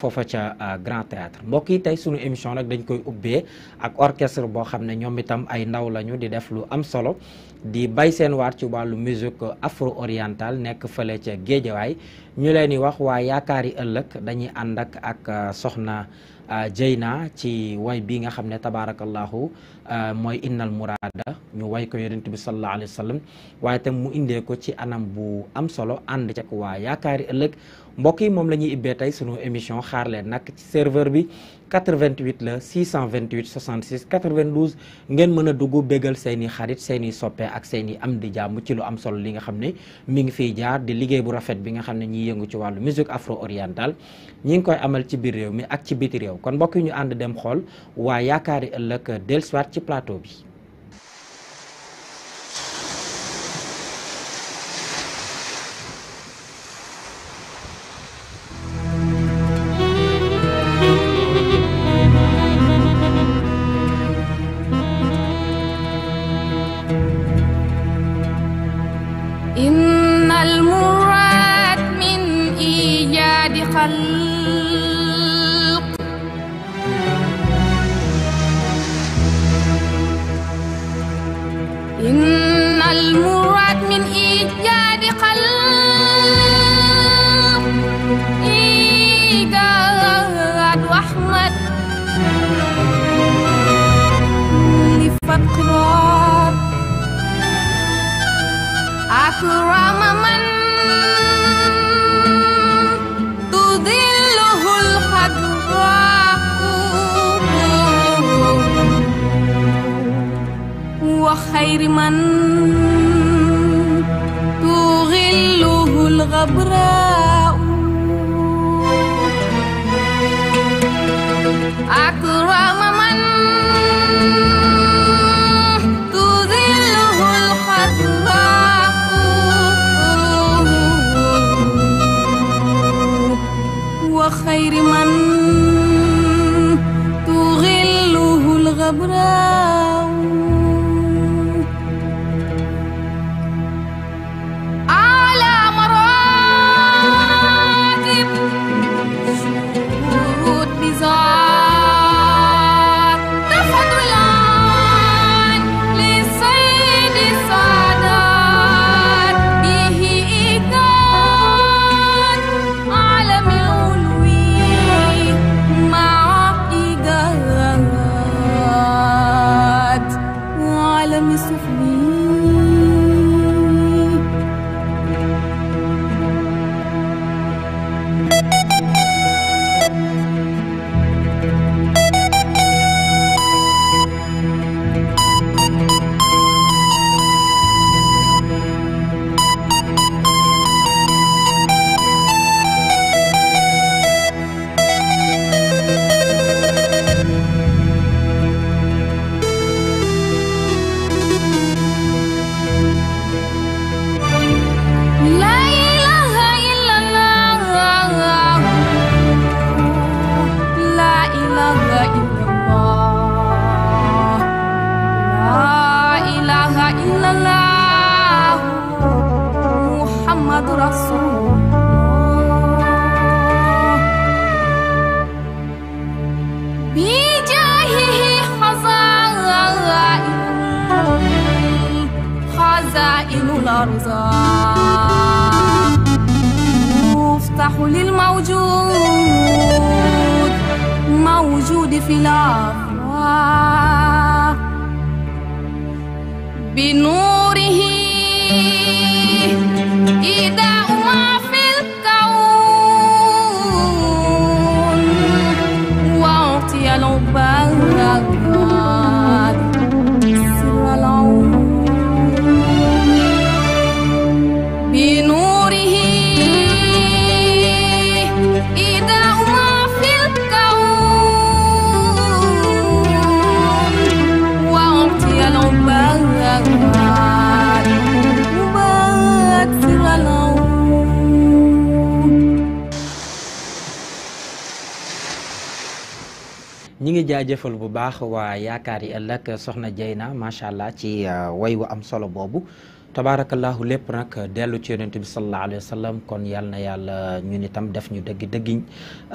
foofa ca euh, Grand Théâtre mbokk yi tey sunu émission nag dañ koy ubbee ak orchestre boo xam ne ñoom itam ay ndaw lañu di def lu am solo di bay seen waar ci wàllu musique afro orientale nekk fële ca Géejawaay ñu leen di wax waa yaakaari ëllëg dañuy ànd ak ak euh, soxna euh, Jeyna ci way bi nga xam ne tabaarakallahu Euh, mooy innal muraada ñu way ko yonent bi sallallahu waaye tam mu indee ko ci anam bu am solo ànd cek waa yaakaari ëllëg mbokk yi moom la ñuy ibbee tey sunu émission xaar leen nag ci serveur bi 88 la 628 66 92 ngeen mën a dugg bégal seeni xarit seen i soppe ak seen i am di jàmm ci lu am solo li nga xam ne mi ngi fiy jaar di liggéey bu rafet bi nga xam ne ñi yëngu ci wàllu musique afro orientale ñi ngi koy amal ci biir réew mi ak ci biti réew kon mbokk ñu ànd dem xool ci plateau bi وخير من تغله الغبراء أكرم من تذله الخضراء وخير من تغله الغبراء baax waa yaakaar yi ëllëg soxna Dieyna macha allah ci euh, way wu am solo boobu tabaarakallahu lépp nag dellu ci yonent bi sallallahu alayhi wa sallam kon yal na yàlla ñun itam def ñu dëgg dëggiñ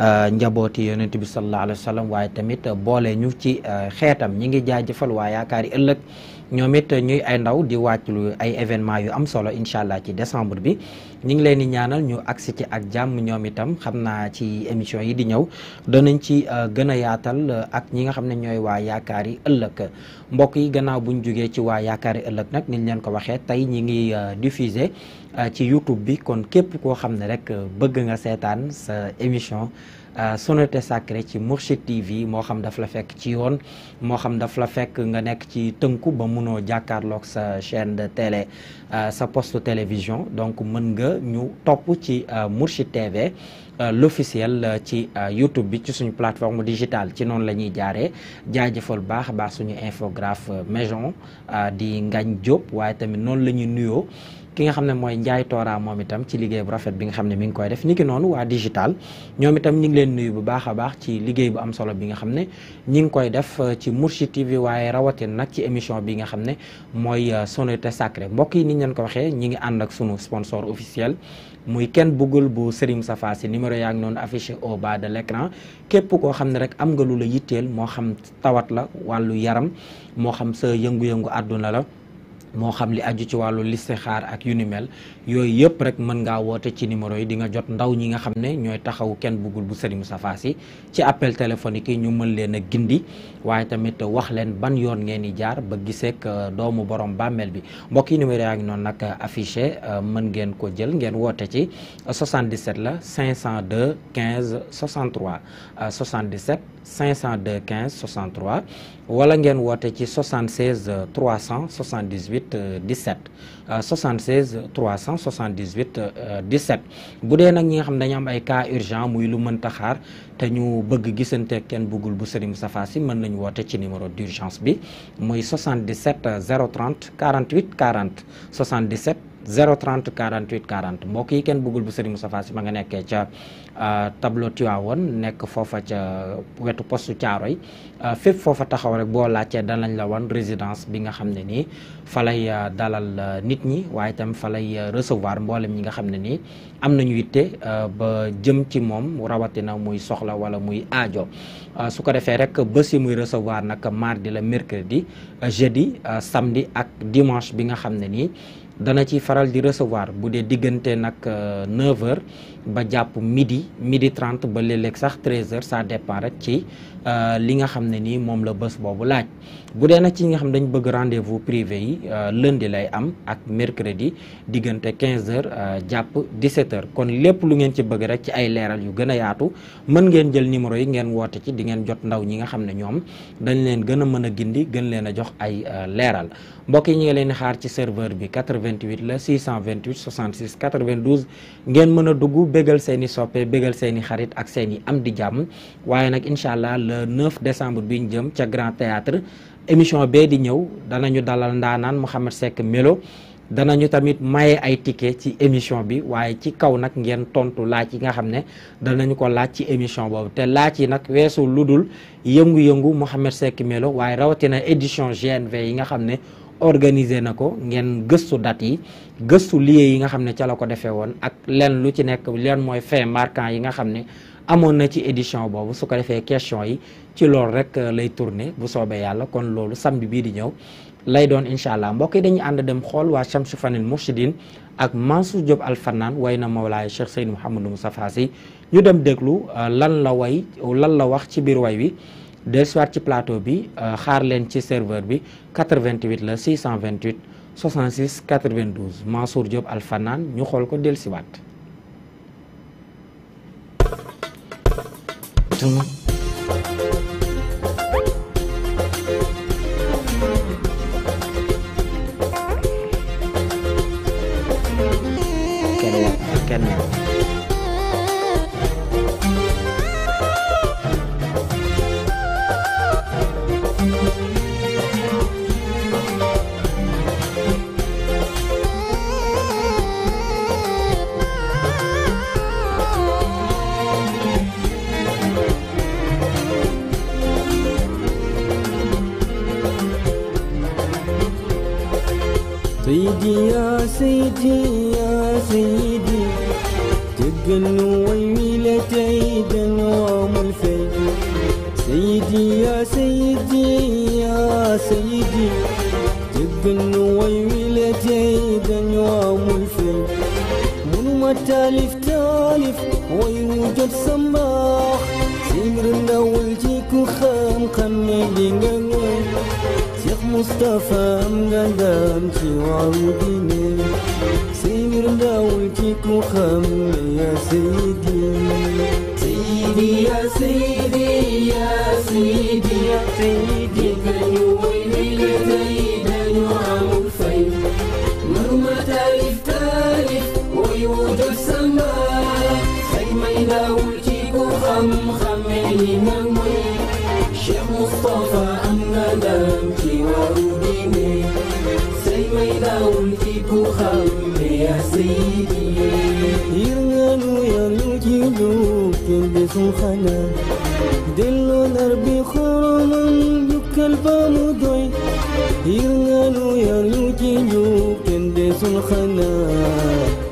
euh, njabooti yonent bi sallallahu alayhi wa sallam waaye tamit boole ñu ci euh, xeetam ñi ngi jaajëfal waa yaakaar yi ëllëg. ñoom it ñuy ay ndaw di lu ay événement yu am solo incha allah ci décembre bi ñu ngi leen di ñaanal ñu agsi ci ak jàmm ñoom itam xam naa ci émission yi di ñëw danañ ci euh, gën a yaatal euh, ak ñi nga xam ne ñooy waa yaakaari ëllëg mbokk yi gannaaw buñ jógee ci waa yaakaari ëllëg nag niñ leen ko waxee tey ñi ngi euh, diffuser ci YouTube bi kon képp koo xam ne rek bëgg nga seetaan sa émission Euh, sonorité sacrée ci Mourchid TV moo xam daf la fekk ci yoon moo xam daf la fekk nga nekk ci tënku ba munoo jàkkaarlook sa chaîne de télé euh, sa poste télévision donc mën nga ñu topp ci euh, Mourchid TV l'officiel ci YouTube bi ci suñu plateforme digitale ci noonu la ñuy jaaree jaajëfal baax baax suñu infographe maison di Ngagne Diop waaye tamit noonu la ñuy nuyoo. ki nga xam ne mooy Njaay Toora moom itam ci liggéey bu rafet bi nga xam ne mu ngi koy def niki noonu waa digital ñoom itam ñi ngi leen nuyu bu baax a baax liggéey bu am solo bi nga xam ne ñi ngi koy def euh, ci Mourchid TV waaye rawatina nag ci émission bi nga xam ne mooy euh, sonorité sacré mbokk yi ni ñu leen ko waxee ñi ngi ànd ak sunu sponsor officiel muy kenn bëggul bu Serigne Safa si numéro yaa ngi noonu affiché au bas de l'écran képp koo xam ne rek am nga lu la yitteel moo xam tawat la wàllu yaram moo xam sa yëngu-yëngu àdduna la moo xam li aju ci wàllu listixaar ak yu ni mel yooyu yëpp rek mën ngaa woote ci numéro yi di nga jot ndaw ñi nga xam ne ñooy taxawu kenn bëggul bu Serigne Moustapha Sy ci appel téléphonique yi ñu mën leen a gindi waaye tamit wax leen ban yoon ngeen di jaar ba giseek doomu borom bàmmeel bi mbokk yi numéro yaa ngi noonu nag affiché euh, mën ngeen ko jël ngeen woote ci 77 la 502 15 63 euh, 77 502 15 63 wala ngeen woote ci 76 378 17 76 378 17 bu dee nag ñi nga xam dañu am ay cas urgent muy lu mënta xaar te ñu bëgg gisante kenn bëggul bu Serigne safaa si mën nañu woote ci numéro d'urgence bi muy 77 030 48 40 77 030 48 40 mbokk yi kenn bëggul bu Serigne Moustapha Sy ma nga nekkee ca euh, tableau Tivaouane nekk foofa ca wetu postu caaro yi euh, fépp foofa taxaw rek boo laajtee danañ la wan résidence bi nga xam ne nii fa lay euh, dalal nit ñi waaye itam fa lay recevoir mboolem ñi nga xam ne nii am nañu yitte ba jëm ci moom rawatina muy soxla wala muy aajo su ko defee rek bés yi muy recevoir nag mardi la mercredi jeudi samedi ak dimanche bi nga xam ne nii dana ci faral di recevoir bu dee diggante nag 9h euh, ba jàpp midi midi 30 ba léeg sax 13h ça dépend rek ci euh, li nga xam ne nii moom la bës boobu laaj bu dee nag ci nga xam ne dañ bëgg rendez-vous privé yi euh, lundi lay am ak mercredi diggante 15h euh, jàpp 17h kon lépp lu ngeen ci bëgg rek ci ay leeral yu gën a yaatu mën ngeen jël numéro yi ngeen woote ci di ngeen jot ndaw ñi nga xam ne ñoom dañ leen gën a mën a gindi gën leen a jox ay leeral mbokk yi ñu ngi leen xaar ci serveur bi 88 la 628 66 92 ngeen mën a dugg bégal seen i soppe bégal seen i xarit ak seen i am di jàmm waaye nag incha allah le 9 décembre bi ñu jëm ca Grand Théâtre émission bee di ñëw danañu dalal ndaanaan Mouhamed sekk Melo dana ñu tamit maye ay ticket ci émission bi waaye ci kaw nag ngeen tontu laaj yi nga xam ne danañu ko laaj ci émission boobu te laaj yi nag weesu lu dul yëngu-yëngu Mouhamed Seck Melo waaye rawatina édition GNV yi nga xam ne organisé na ko ngeen gëstu date yi gëstu lieu yi nga xam ne ca la ko defee woon ak lenn lu ci nekk leen mooy fait marquant yi nga xam ne amoon na ci édition boobu su ko defee question yi ci loolu rek euh, lay tourner bu soobee yàlla kon loolu samedi bii di ñëw lay doon incha allah mbokk yi dañuy ànd dem xool waa Shamsu Fanil Mursidin ak Mansour Diop Al Fanaan way na moo Mawlaay Cheikh Seydou Mouhamadou Moustapha si ñu dem déglu euh, lan la way lan la wax ci biir way wi dellusiwaat ci plateau bi euh, xaar leen ci serveur bi 88 la 628 66 92 Mansour Diop Alfanaan ñu xool ko dellusiwaat. المخملين المنير شيخ مصطفى أنا دمتي وأوديني سيميداو الإبو خمري يا سيدي يرنالو يرنو جيلو تلبسو خنا دلو نربي خرمان يكال بامودوي يرنالو يرنو جيلو تلبسو الخنا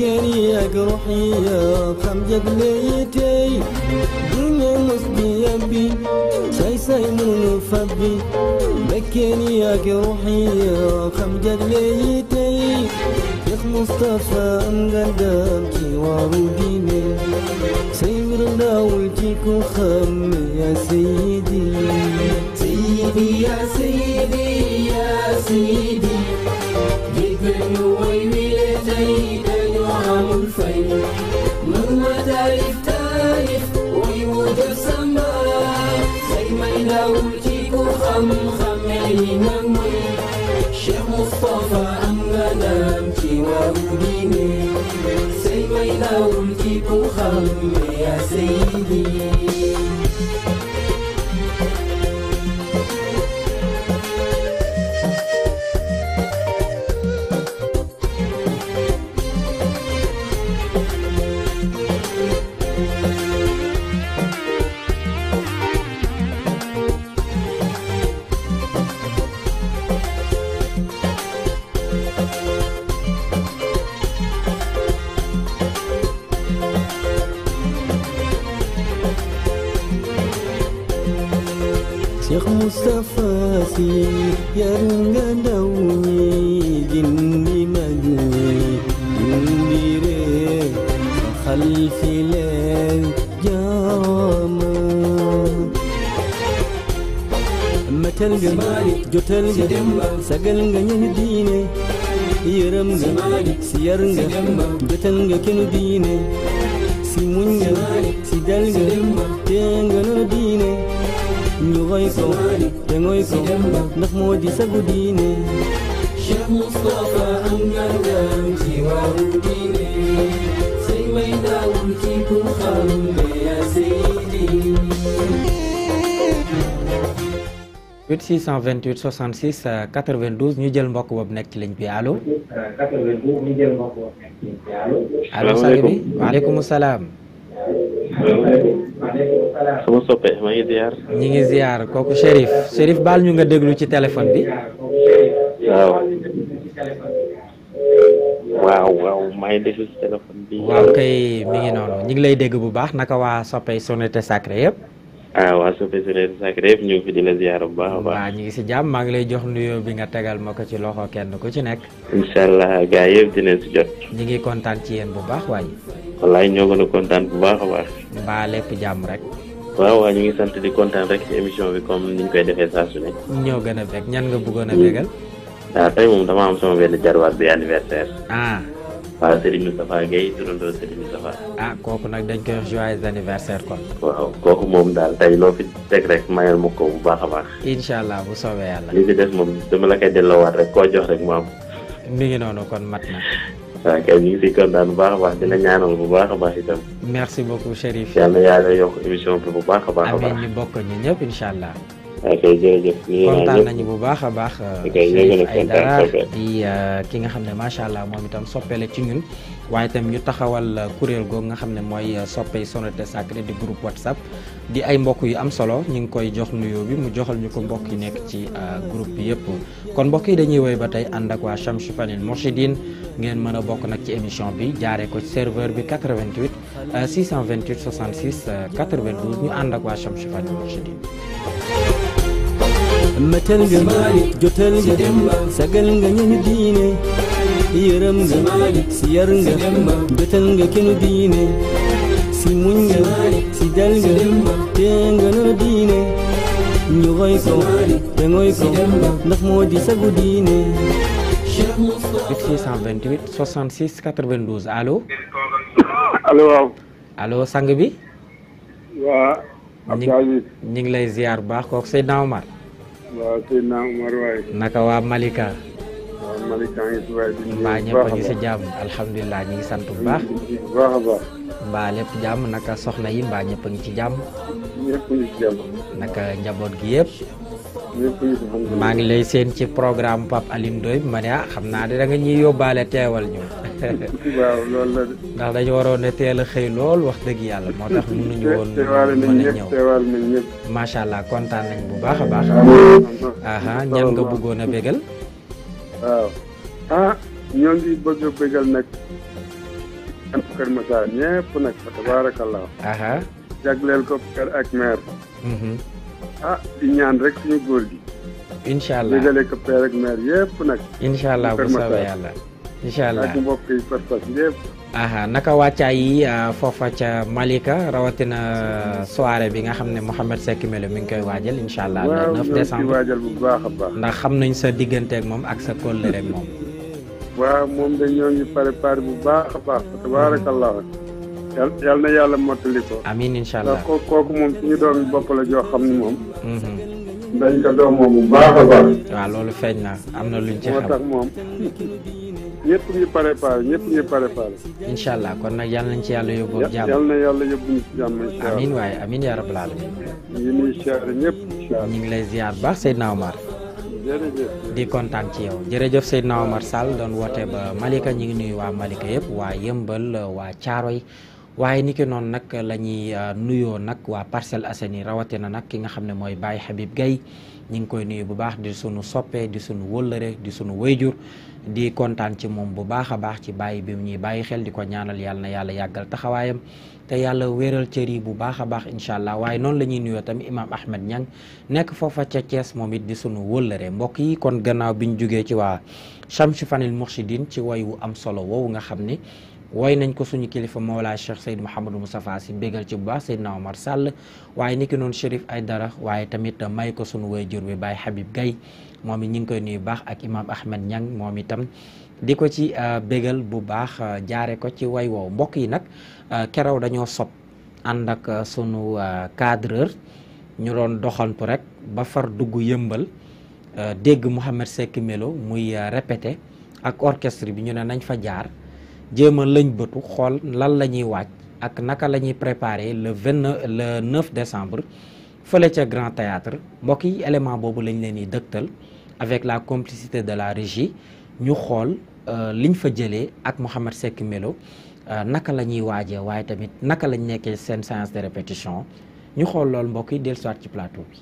كريك روحي خمجة بنيتي دنيا مسبي يبي ساي ساي من فبي بكريك روحي خمجة بنيتي يخ مصطفى ام قدام كي واروديني سير داول جيكو خم يا سيدي سيدي يا سيدي يا سيدي law ci ku xam-xam yi mag muy Cheikh Moustapha am nga ndam ci wàllu diine say may lawul ci ku xam ya sayidi Cheikh Moustapha Sy yar nga ndaw ñi gindi mag ñi gindi réew xal fi jotal nga jotal nga sagal nga ñënu diine yërëm nga si yar nga jotal nga kenu diine si muñ nga si dal nga tee nga noo diine ñu roy ko te ngoy ko ndax moo di sagu diine Cheikh may daawul ci pour xam ne yaa seydi 8 628 66 92 ñu jël mbokk boobu nekk ci bi allo. 92 ñu jël mbokk boobu nekk ci bi allo. allo sëñ bi maaleykum salaam. sama soppe maa ngi ziar. ñi ngi ziar kooku Chérif Chérif baal ñu nga déglu ci téléphone bi. waaw. waaw waaw maa ngi déglu ci téléphone bi. waaw kay mi ngi noonu ñu ngi lay dégg bu baax naka waa soppe Sonité Sacré yëpp. ah waa soo visiteur Sacré-Cœur ñu ngi fi di la bu baax a baax. waaw ñu ngi si jàmm maa ngi lay jox nuyoo bi nga tegal ma ko ci loxo kenn ku ci nekk. incha allah gars yëpp dinañ si jot. ñu ngi kontaan ci yéen bu baax waay. wallaay ñoo gën a kontaan bu baax a baax. baa lépp jàmm rek. waaw waa ñu ngi sant di kontaan rek ci émission bi comme ñu koy defee saa su ne. ñoo gën a bég ñan nga bëggoon a bégal. waaw hmm. ah, tey moom dama am sama benn jarwaat bi anniversaire. ah. waaw Serigne Moustapha Guèye turandoo Serigne Moustapha. ah kooku nag dañ ko wax joyeux anniversaire kon. waaw kooku moom daal tey loo fi teg rek mayal ma ko bu baax a baax. incha allah bu soobee yàlla. li ci des moom dama la koy delloowaat rek ko jox rek mu am. mi ngi noonu kon mat na. waaw kay ñu ngi si kontaan bu baax a baax dina ñaanal bu baax a baax itam. merci beaucoup Chérif. yàlla yàlla yokk émission bi bu baax a baax a baax. a ñu bokk ñu ñëpp incha allah. waaw ah, kontaan nañu bu baax a baax. Euh, ay dara di euh, ki nga xam ne macha allah moom itam soppeele ci ñun. waaye tam ñu taxawal euh, kuréel googu nga xam ne mooy soppey Sonatel Sacré di groupe whatsapp. di ay mbokk yu am solo ñu ngi koy jox nuyoo bi mu joxal ñu ko mbokk yi nekk ci groupe bi yëpp. kon mbokk yi dañuy woy ba tey ànd ak waa Chamsu Fanil Mourchidine ngeen mën a bokk nag ci émission bi jaaree ko serveur bi 88 628 66 92 ñu ànd ak waa Chamsu Fanil Mourchidine matal nga jotal nga sagal nga ñañu diine yërëm nga si yar nga jotal nga kenu diine si muñ nga si dal nga tee nga noo diine ñu roy ko te ngoy ko ndax moo di sagu diine 628 66 sang bi waa ñu ngi lay ziar bu baax kooku Seydina Omar naka waa Malika. waaw Malika ngi mbaa ñëpp a ngi si jàmm alhamdulilah ñu ngi sant bu baax. mbaa lépp jàmm naka soxna yi mbaa ñëpp a ngi ci jàmm. naka njaboot gi yëpp. maa ngi lay seen ci programme Pape Alioune Ndoye ma ne ah, xam naa ne da nga yóbbaale teewal ñu. waaw loolu la de. ndax dañu waroon a teel xëy lool wax dëgg yàlla moo tax mënuñu woon. teewaale allah kontaan nañ bu baax a baax. aha ñan nga bëggoon a bégal. waaw ah ñoo ngi bëgg nag. ñëpp nag fa tabaarakallah. jagleel ko kër ak maire. Mhm. ah di ñaan rek suñu góor gi. incha allah ñu jëlee ko père ak mère yëpp nag. incha allah bu soobee yàlla incha allah ak mbokk yi naka wàccaay yi ah, foofa ca Malika rawatina ah, soirée bi nga xam ne Mouhamed Seck Melo mi ngi koy waajal incha allah. waaw ñoo ngi waajal a ndax xam nañ sa digganteeg moom ak sa kóllëre moom. waaw moom de ñoo ngi préparé bu baax a baax tabaarakallah yal na yàlla mottali ko. amiin allah kooku moom suñu doomi bopp la joo xam ni moom. Mm-hmm. dañ loolu feeñ na am na luñ ci xam ñu préparé ñëpp kon nag yal nañ ci yàlla yóbbu jàmm yal waaye amiin yaa rabbal ñu ngi siyaare ñëpp. ñu ngi lay ziar baax Seydina Omar. di kontaan ci yow jërëjëf Seydina Omar Sall doon woote ba Malika ñu ngi nuyu waa Malika yëpp waa Yëmbal waa Caaroy waaye ni noonu nag la ñuy euh, nuyoo nag waa Parcelles Assainies rawatina nag ki nga xam ne mooy Baye Habib Gaye ñu ngi koy nuyu bu baax di sunu soppee di sunu wëllëre di sunu wayjur di kontaan ci moom bu baax a baax ci bàyyi bi mu bàyyi xel di ko ñaanal yàlla na yàlla yàggal taxawaayam te yàlla wéeral cër yi bu baax a baax incha allah waaye noonu la ñuy nuyoo tamit imaam Ahmed Niang nekk foofa ca Thiès moom it di sunu wëllëre mbokk yi kon gannaaw bi ñu jógee ci waa Chamsu Fanil Mourchidine ci woy wu am solo woowu nga xam ni way nañ ko suñu kilifa Mawlaa Cheikh Seydou Mouhamadou Moustapha si mbégal ci bu baax na Omar sàll waaye niki noonu ay dara waaye tamit may ko suñu waajur bi Baye Habib Gaye moom it ñu ngi koy nuyu baax ak imam Ahmed Niang moom itam di ko ci euh, bégal bu baax euh, jaare ko ci way wow mbokk yi nag euh, kerew dañoo sob ànd ak sunu cadreur ñu doon doxantu rek ba far dugg yëmbal dégg Mouhamed Seck Melo muy répété ak orchestre bi ñu ne nañ fa jaar jéem a lëñ bëtu xool lan la ñuy waaj ak naka la ñuy préparer le vingt le 9 décembre fële ca Grand Théâtre mbokk yi élément boobu lañ leen di dëgtal avec la complicité de la régie ñu xool euh, liñ fa jëlee ak Mouhamed Seck Melo euh, naka la ñuy waajee waaye tamit naka lañ nekkee seen séance de répétition ñu xool lool mbokk yi dellusiwaat ci plateau bi.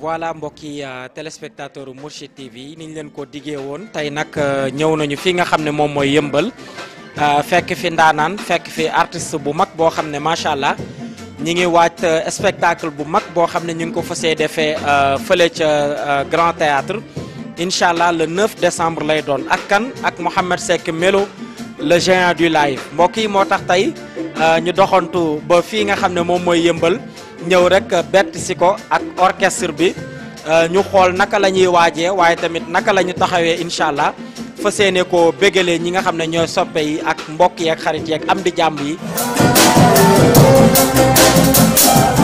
voilà mbokki euh, téléspectateur Mourchid TV niñ leen ko diggee woon tey nag ñëw nañu fi nga xam ne moom mooy yëmbal. Euh, fekk fi ndaanaan fekk fi artiste bu mag boo xam ne macha allah ñi ngi waaj euh, spectacle bu mag boo xam ne ñu ngi ko fasee defee euh, fële ca Grand Théâtre incha allah le 9 décembre lay doon ak kan ak Mouhamed Seck Melo le géant du live mbokk yi moo tax tey ñu doxantu ba fi nga xam ne moom mooy yëmbal ñëw rek bett si ko ak orchestre bi ñu xool naka la ñuy waajee waaye tamit naka la ñu taxawee incha allah fas yéene ko bégalee ñi nga xam ne ñooy soppe yi ak mbokk yi ak xarit yi am di jàmb yi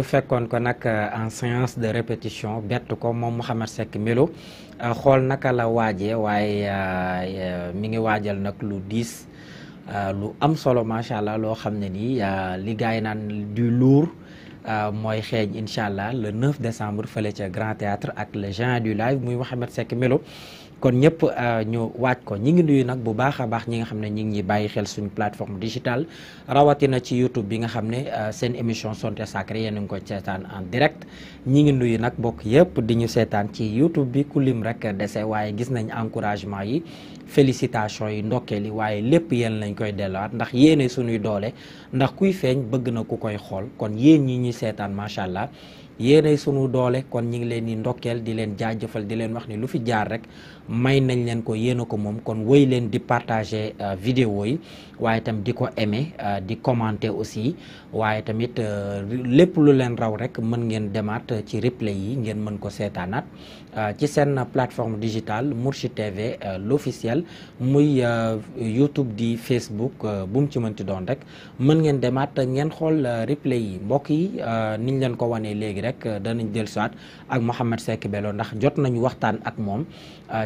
ñu fekkoon ko nag euh, en séance de répétition bett ko moom Mouhamed sekk Melo euh, xool naka la waajee waaye euh, mi ngi waajal nag lu diis lu am solo macha allah loo xam ne nii li gars yi naan du lourd mooy xeeñ incha allah le 9 décembre fële ca Grand Théâtre ak le Géant du Live muy Mouhamed Seck Melo. kon ñëpp euh, ñu waaj ko ñi ngi nuyu nag bu baax a baax ñi nga xam ne ñi ngi ñuy bàyyi xel suñu plateforme digitale rawatina ci YouTube bi nga xam ne euh, seen émission sonte Sacré yéen a ngi seetaan en direct ñi ngi nuyu nag bokk yëpp di ñu seetaan ci YouTube bi ku lim rek dese waaye gis nañ encouragement yi félicitation yi ndokkeel yi waaye lépp yéen lañ koy delluwaat ndax yéene suñuy doole ndax kuy feeñ bëgg na ku koy xool kon yéen ñi ñuy seetaan macha allah yéene suñu doole kon ñi ngi leen di ndokkeel di leen jaajëfal di leen wax ni lu fi jaar rek may nañ leen ko yéen a ko moom kon woy leen di partager euh, video yi waaye tamit di ko emee euh, di commenter aussi waaye tamit euh, lépp lu leen raw rek mën ngeen demaat ci replay yi ngeen mën ko seetaanaat Euh, ci seen plateforme digitale Mourchid TV euh, l'officiel muy euh, YouTube di Facebook bu mu ci mënti doon rek mën ngeen demaat ngeen xool replay yi mbokk yi niñ leen ko wanee léegi rek danañ jël soit ak Mouhamed Seck Bello ndax jot nañu waxtaan ak moom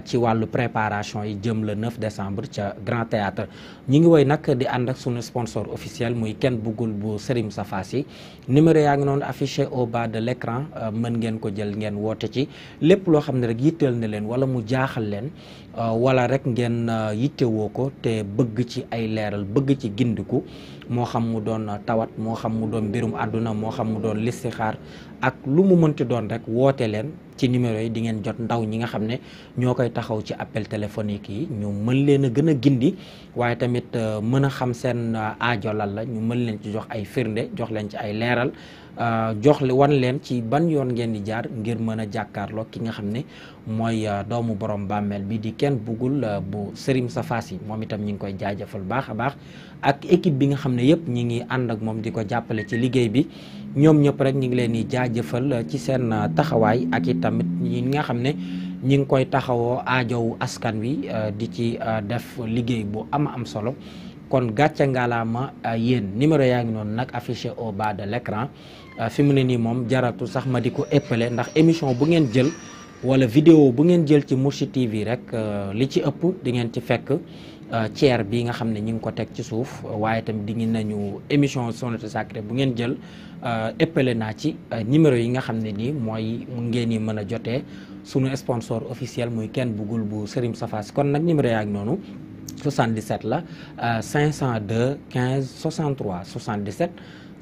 ci wàllu préparation yi jëm le 9 décembre ca Grand Théâtre ñu ngi woy nag di ànd ak sunu sponsor officiel muy kenn buggul bu Serigne Safassi numéro yaa ngi noonu affiché au bas de l'écran mën ngeen ko jël ngeen woote ci lépp loo xam ne rek yitteel na leen wala mu jaaxal leen euh, wala rek ngeen euh, yittewoo ko te bëgg ci ay leeral bëgg ci gindiku moo xam mu doon tawat moo xam mu doon mbirum àdduna moo xam mu doon listixaar ak lu mu mën mënti doon rek woote leen ci numéro yi di ngeen jot ndaw ñi nga xam ne ñoo koy taxaw ci appel téléphonique yi ñu mën leen a gën a gindi waaye tamit euh, mën a xam seen aajo lan la ñu mën leen ci jox ay firnde jox leen ci ay leeral Euh, jox wan leen ci ban yoon ngeen di jaar ngir mën a jàkkaarloo ki nga xam ne mooy euh, doomu borom bàmmeel bi di kenn bugul euh, bu Serigne Safaasi moom itam ñu ngi koy jaajëfal baax a baax ak équipe bi nga xam ne yëpp ñi ngi ànd ak moom di ko jàppale ci liggéey bi ñoom ñëpp rek ñu ngi leen di jaajëfal ci seen taxawaay ak i tamit ñi nga xam ne ñi ngi koy taxawoo aajowu askan wi di ci def liggéey bu am am solo kon gàcce ngalaama yéen numéro yaa ngi noonu nag affiché au bas de l'écran Euh, fi mu ne nii moom jaratu sax ma di ko éppale ndax émission bu ngeen jël wala vidéo bu ngeen jël ci Mourchid TV rek euh, li ci ëpp di ngeen ci fekk ceer euh, bi nga xam ne ñi ngi ko teg ci suuf waaye tamit di ngi nañu émission Sonorité Sacrée bu ngeen jël éppale naa ci numéro yi nga xam ne nii mooy ngeen yi mën a jotee sunu sponsor officiel muy kenn buggul bu Serigne Safa kon nag numéro yaa ngi noonu 77 la 502 15 63 77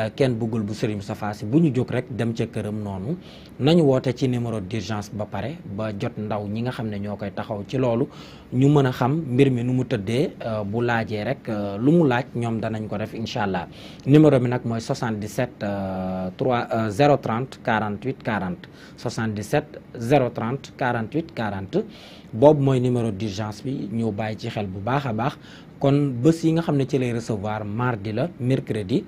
Euh, kenn bëggul bu Serigne Moustapha bu ñu jóg rek dem ca këram noonu nañu woote ci numéro d'urgence ba pare ba jot ndaw ñi nga xam ne ñoo koy taxaw ci loolu ñu mën a xam mbir mi nu mu tëddee euh, bu laajee rek euh, lu mu laaj ñoom danañ ko def incha allah numéro bi nag mooy 77 3 030 48 40 77 030 48 40 boobu mooy numéro d'urgence bi ñu bàyyi ci xel bu baax a baax kon bés yi nga xam ne ci lay recevoir mardi la mercredi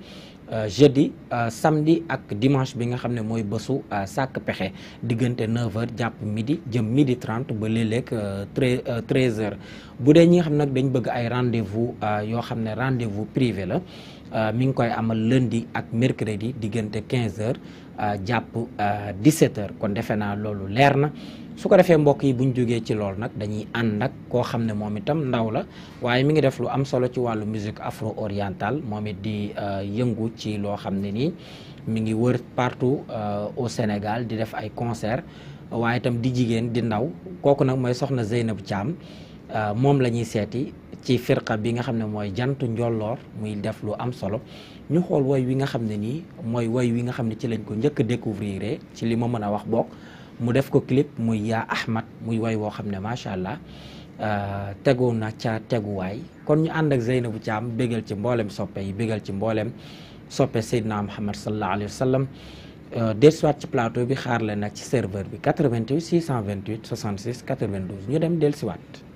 Euh, jeudi euh, samedi ak dimanche bi nga xam ne mooy bésu euh, sàkk pexe diggante 9h jàpp midi jëm midi 30 ba léeg-léeg 13h bu dee ñi nga xam nag dañ bëgg ay rendez-vous yoo xam ne rendez-vous privé la mi ngi koy amal lundi ak mercredi diggante 15h jàpp 17h kon defe naa loolu leer na. su ko defee mbokk yi bu ñu jógee ci lool nag dañuy ànd ak koo xam ne moom itam ndaw la waaye mi ngi def lu am solo ci wàllu musique afro oriental moom it di euh, yëngu ci loo xam ne nii mi ngi wër partout euh, au Sénégal di def ay concert waaye itam di jigéen di ndaw kooku nag mooy soxna Zeynab Thiam euh, moom la ñuy seeti ci firqa bi nga xam ne mooy jantu njolloor muy def lu am solo ñu xool woy wi nga xam ne nii mooy woy wi nga xam ne ci lañ ko njëkk a découvrir ci li ma mën a wax bokk mu def ko clip muy yaa Ahmad muy way woo xam ne macha allah euh, tegu na ca teguwaay kon ñu ànd ak Zeynabu Thiam bégal ci mboolem soppe yi bégal ci mbooleem soppe Seydina Muhammad sallallahu alayhi wa sallam euh, dellusiwaat ci plateau bi xaarle leen nag ci serveur bi 88 628 66 92 ñu dem dellusiwaat.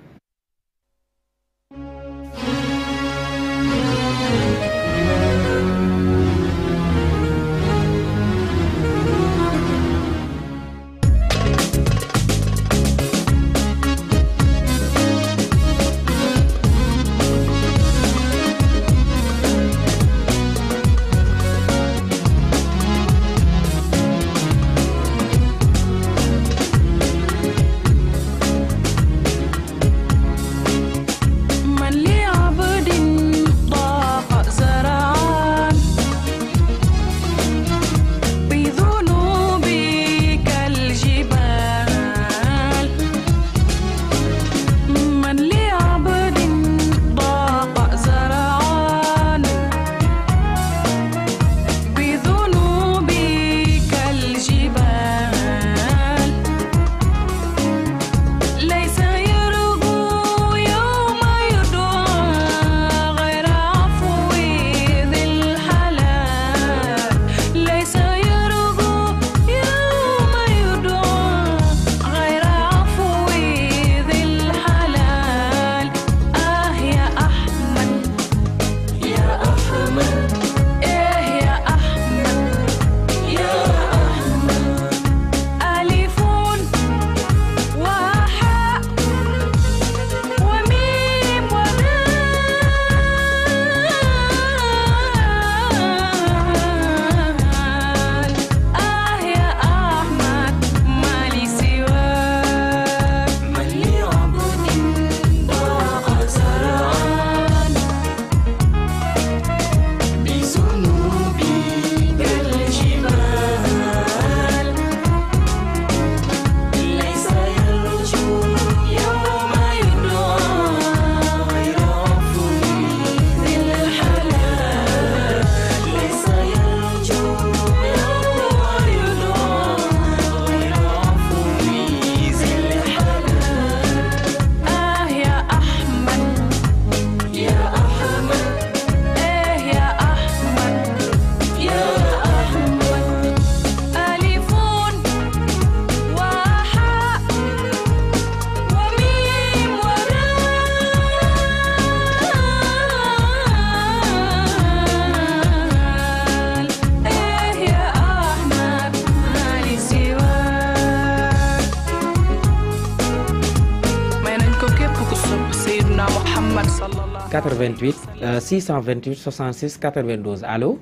88 628 66 92 allo.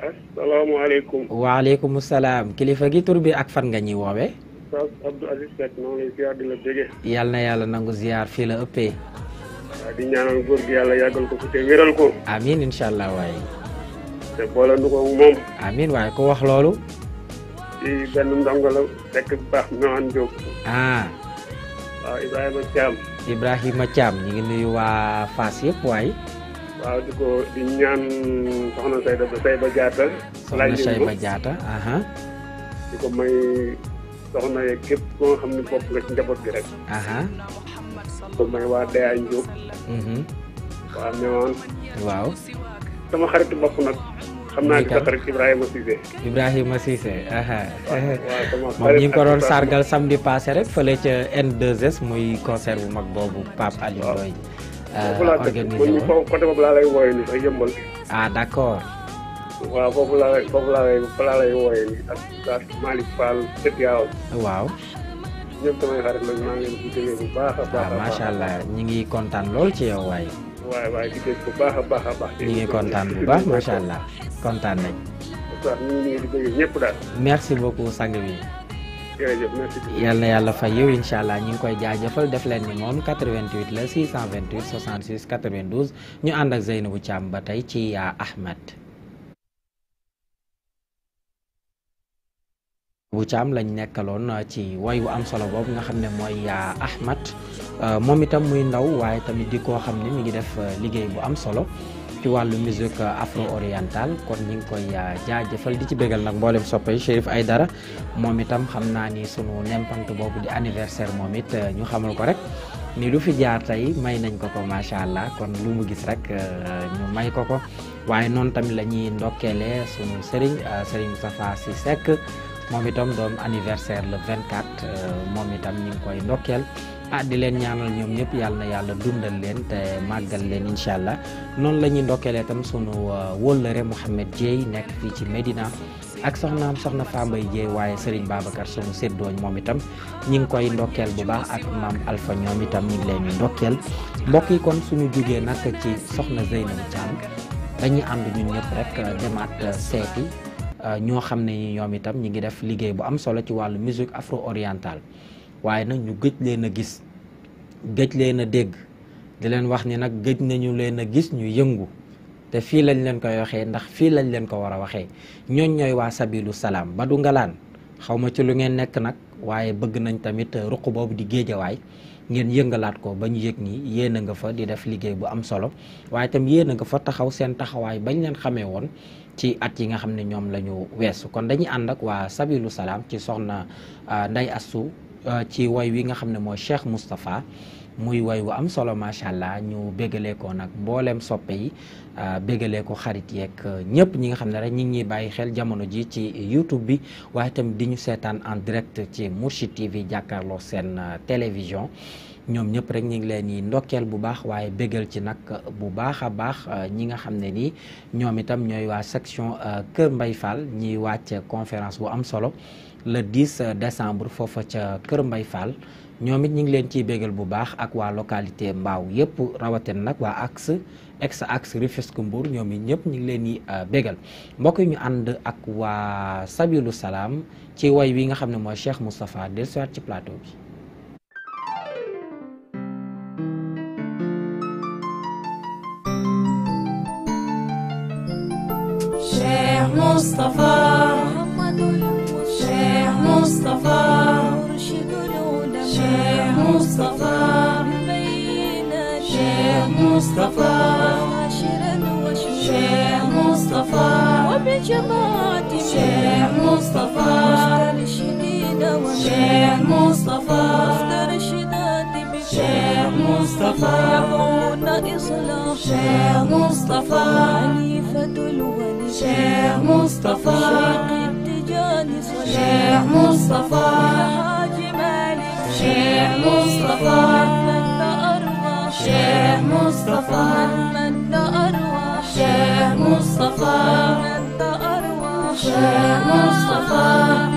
asalaamaaleykum. waaleykum salaam kilifa gi tur ak fan nga ñuy woowee. Abdou yàlla nangu ziar fii la ëppee. waaw di yàlla yàggal ko fi te ko. amiin incha allah ko wax loolu. ci benn ndongo la fekk baax Noane Diop. Ah. Ibrahima Thiam ñu ngi nuyu waa Fass yëpp waaye. waaw di ko di ñaan soxna Sayda ba Sayba Diatta. soxna Sayba Diatta aha di ko may soxna yeeg képp koo xam ne bokk nga ci njaboot gi rek. aha di may waa Daya Ndiob. Mhm. waa Méouane. waaw. sama xaritu bopp nag. xam naa di rek Ibrahima Cissé. Ibrahima Cissé. moom ñi ngi ko doon sargal samedi passé fële ca N2S muy concert mag boobu Pape Aliou Ndoye. Euh, organisé woon foofu ni boobu laa lay ah, d' accord. waaw foofu laa lay foofu laa lay laa lay wooyee macha allah ñi ngi kontaan lool ci yow waaye. waaye waaye di bu baax a baax a kontaan bu baax macha allah kontaan nañ. waaw ñu beaucoup sang bi. jërëjëf na yàlla fa yow incha allah ñu ngi koy jaajëfal def leen ni moom 88 la 628 66 92 ñu ànd ak Zeynabou Thiam ba tey ci yaa ah, Ahmed. bu caam lañ nekkaloon uh, ci woy wu am solo boobu nga xam ne mooy uh, Ahmad uh, moom itam muy ndaw waaye tamit di koo xam ne mu ngi def liggéey bu am solo ci wàllu musique afro oriental kon ñu ngi koy jaajëfal di ci bégal nag mboolem soppe ay dara moom itam xam naa ni sunu nempant boobu di anniversaire moom it ñu xamal ko rek ni lu fi jaar tey may nañ ko ko macha allah kon lu mu gis rek ñu may ko ko waaye noonu tamit la ñuy ndokkeele sunu Serigne Serigne Safa si moom itam doon anniversaire le 24 euh, moom itam ñu koy ndokkeel ah di leen ñaanal ñoom ñëpp yàlla na yàlla dundal leen te màggal leen incha allah noonu la ñuy ndokkeelee itam sunu euh, wóllëre Mouhamed Dieye nekk fii ci Medina ak soxnaam soxna Fambaye Dieye waaye Serigne Babacar sunu séddooñ moom itam ñi ngi koy ndokkeel bu baax ak maam Alpha ñoom itam ñu ngi leen ndokkeel mbokk yi kon suñu jugee nag ci soxna Zeynab Thiam dañuy ànd ñun ñëpp rek demaat euh, seeti. Euh, ñoo xam ne ñi ñoom itam ñu ngi def liggéey bu am solo ci wàllu musique afro oriental waaye nag ñu gëj leen a gis gëj leen a dégg di leen wax ni nag gëj nañu leen a gis ñu yëngu te fii lañ leen koy waxee ndax fii lañ leen ko war a waxee ñooñ ñooy waa sabilu salaam ba du ngalaan xaw ma ci lu ngeen nekk nag waaye bëgg nañ tamit ruq boobu di géejawaay ngeen yëngalaat ko ba ñu yëg ni yéen a nga fa di def liggéey bu am solo waaye itam yéen nga fa taxaw seen taxawaay bañ leen xamee ci at yi nga xam ne ñoom la ñu weesu kon dañuy ànd ak waa sabilu salaam ci soxna euh, Ndeye Astou euh, ci woy wi nga xam ne mooy Cheikh Moustapha muy woy wu am solo macha allah ñu bégalee ko nag mbooleem soppe yi euh, bégalee ko xarit yeeg ñëpp ñi nga xam ne rek ñi ngi ñuy bàyyi xel jamono ji ci YouTube bi waaye tamit di ñu seetaan en direct ci Mourchid TV jàkkaarloo seen télévision ñoom ñëpp rek ñu ngi leen di ndokkeel bu baax waaye bégal ci nag bu baax a baax euh, ñi nga xam ne nii ñoom itam ñooy waa section euh, Kër Mbay Fall ñiy wàcc conférence bu am solo le 10 décembre foofa ca Kër Mbay Fall ñoom it ñu ngi leen ciy bégal bu baax ak waa localité Mbaaw yëpp rawatina nag waa axe ex axe Rufisque Mbour ñoom it ñëpp ñu ngi leen di euh, bégal mbokk yi ñu ànd ak waa Sabilu Salaam ci way wi nga xam ne mooy Cheikh Moustapha dellusiwaat ci plateau bi. مصطفى شيخ مصطفى شيخ مصطفى شيخ مصطفى شيخ مصطفى وبجماعة شيخ مصطفى شيخ مصطفى Cheikh Moustapha هنا إصلاح Cheikh Moustapha خليفة الولي Cheikh Moustapha شيخ التجاني صلاح Cheikh Moustapha الحاج مالك Cheikh Moustapha من أرواح Cheikh Moustapha من أرواح Cheikh Moustapha من أرواح Cheikh Moustapha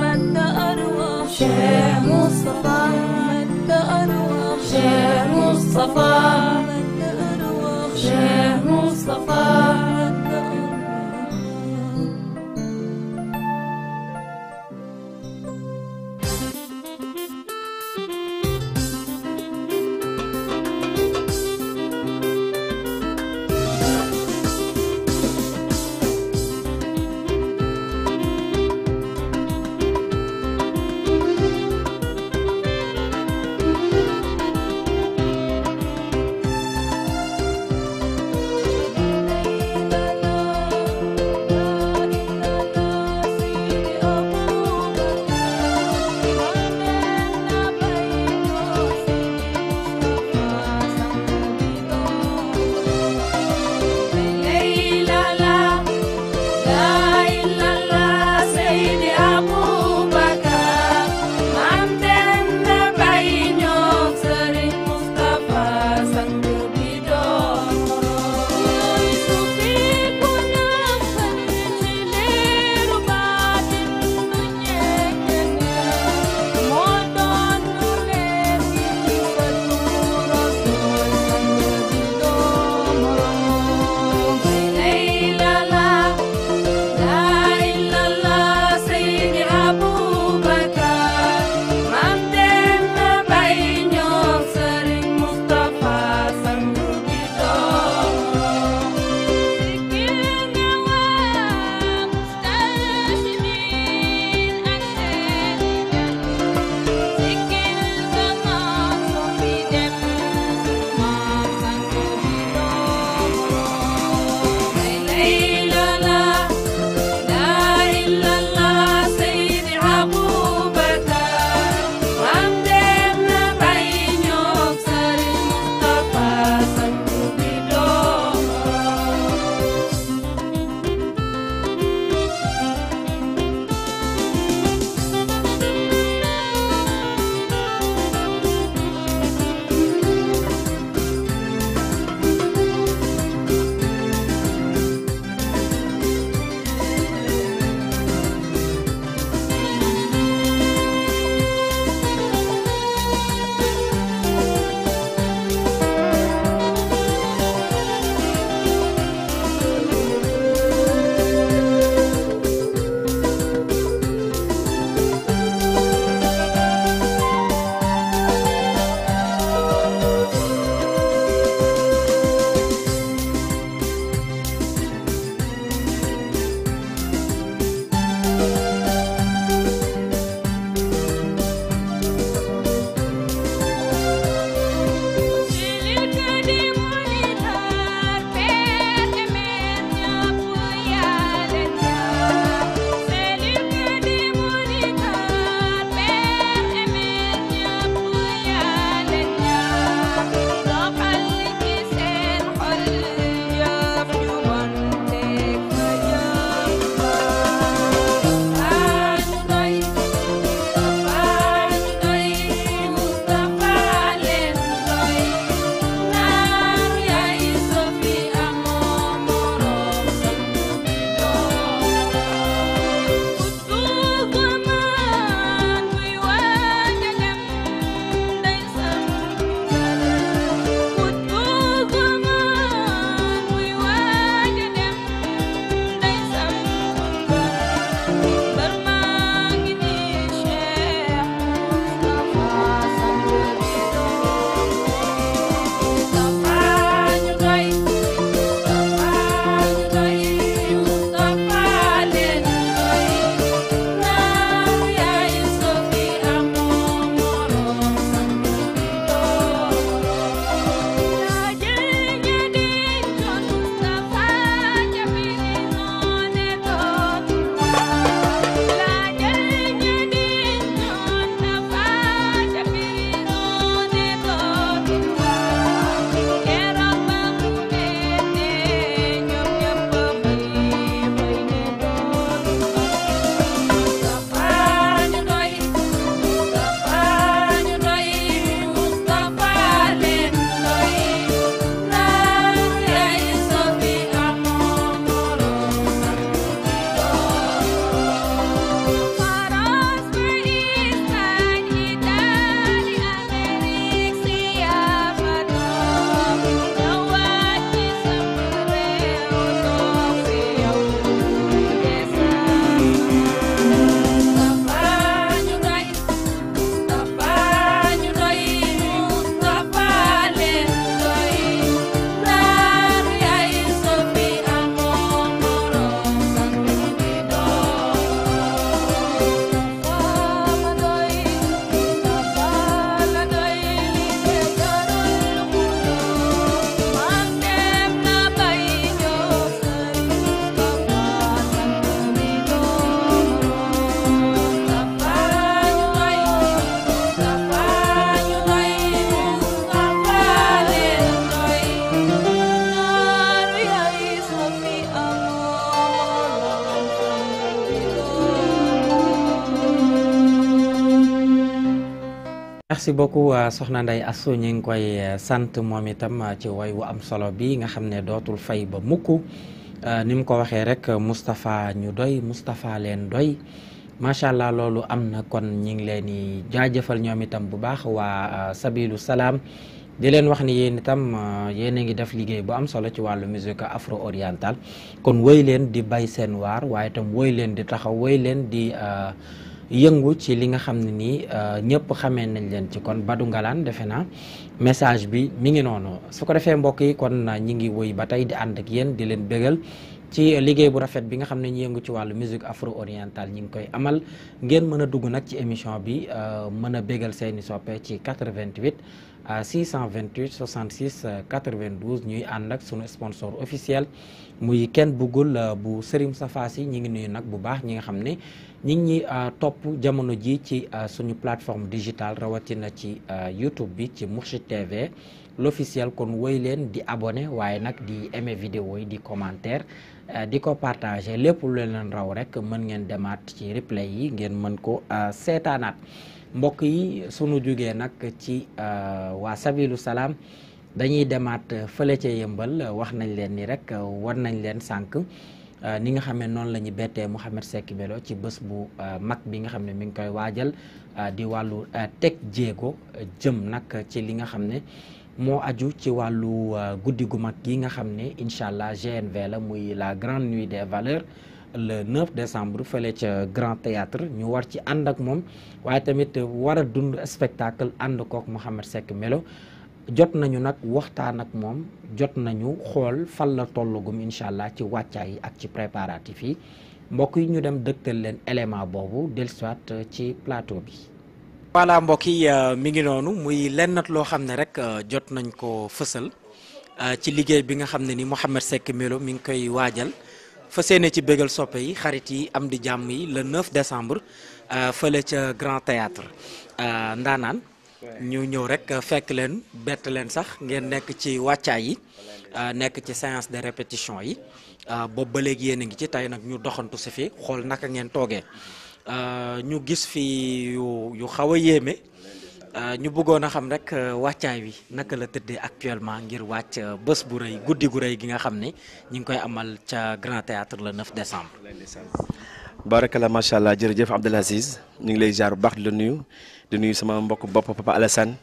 من أرواح Cheikh Moustapha شاه مصطفى شاه مصطفى merci beaucoup euh, soxna Ndeye Assou ñu ngi koy euh, sant moom itam euh, ci woy wu am solo bi nga xam ne dootul fay ba mukk ni mu ko waxee rek Moustapha ñu doy Moustapha leen doy macha allah loolu am na kon ñu ngi leen di jaajëfal ñoom itam bu baax waa Sabilu Salaam di leen wax ni yéen itam yéen a ngi def liggéey bu am solo ci wàllu musique afro orientale kon woy di bay seen waar waaye itam woy leen di taxaw woy di. yëngu ci li nga xam ne nii euh, ñëpp xamee nañ leen ci kon Badou Ngalane defe naa message bi mi ngi noonu su ko defee mbokk yi kon ñu ngi woy ba tey di ànd ak yéen di leen bégal ci liggéey bu rafet bi nga xam ne ñu yëngu ci wàllu musique afro oriental ñu ngi koy amal ngeen mën a dugg nag ci émission bi euh, mën a bégal seeni soppe ci 88 628 66 92 ñuy ànd ak sunu sponsor officiel. muy kenn buggul euh, bu Serigne Safa Sy ñi ngi nuyu nag bu baax ñi nga xam ne ñi ñi euh, topp jamono ji ci euh, suñu plateforme digitale rawatina ci YouTube bi ci Mourchid TV l'officiel kon woy leen di abonné waaye nag di aimer vidéo yi di commentaire di ko partager lépp lu leen raw rek mën ngeen demaat ci replay yi ngeen mën ko seetaanaat mbokk yi suñu jugee nag ci waa Sabilu Salaam dañuy demaat euh, fële ca yëmbal euh, wax nañ leen nii rek euh, war nañ leen sànq ni nga xame noonu la ñu bettee Mouhamed Seck Melo ci bés bu mag bi nga xam ne mi ngi koy waajal di wàllu teg jéego jëm nag ci li nga xam ne moo aju ci wàllu guddi gu mag gi nga xam ne incha allah GNV la muy la grande nuit des valeur le 9 décembre fële ca Grand Théâtre ñu war ci ànd ak moom waaye tamit war a dund spectacle ànd kook Mouhamed Seck Melo jot nañu nag waxtaan ak moom jot nañu xool fan la tollugum incha allah ci wàccaay yi ak ci préparatif yi mbokk yi ñu dem dëgtal leen élément boobu dellusiwaat euh, ci plateau bi. voilà mbokk yi euh, mi ngi noonu muy lennat loo xam ne rek euh, jot nañ ko fësal ci liggéey bi nga xam ne ni Mouhamed Seck Melo mi ngi koy waajal fas ne ci bégal soppe yi xarit yi am di jàmm yi le 9 décembre fële ca Grand Théâtre ndaanaan ñu ñëw rek fekk leen bett leen sax ngeen nekk ci wàccaay yi ah, nekk ci séance de répétition yi ah, bob ba léegi yéen a ngi ci tey nag ñu doxantu si fi xool naka ngeen toogee ah, ñu gis fi yu yu xaw a yéeme ñu bëggoon a xam rek wàccaay wi naka la tëddee actuellement ngir wàcc bës bu rëy guddi gu rëy gi nga xam ni ñu ngi koy amal ca Grand Théâtre le 9 décembre. barakala macha allah jërëjëf Abdelaziz ñu ngi lay jaar bu baax di la nuyu. di nuyu sama mbokk bopp Papa Alassane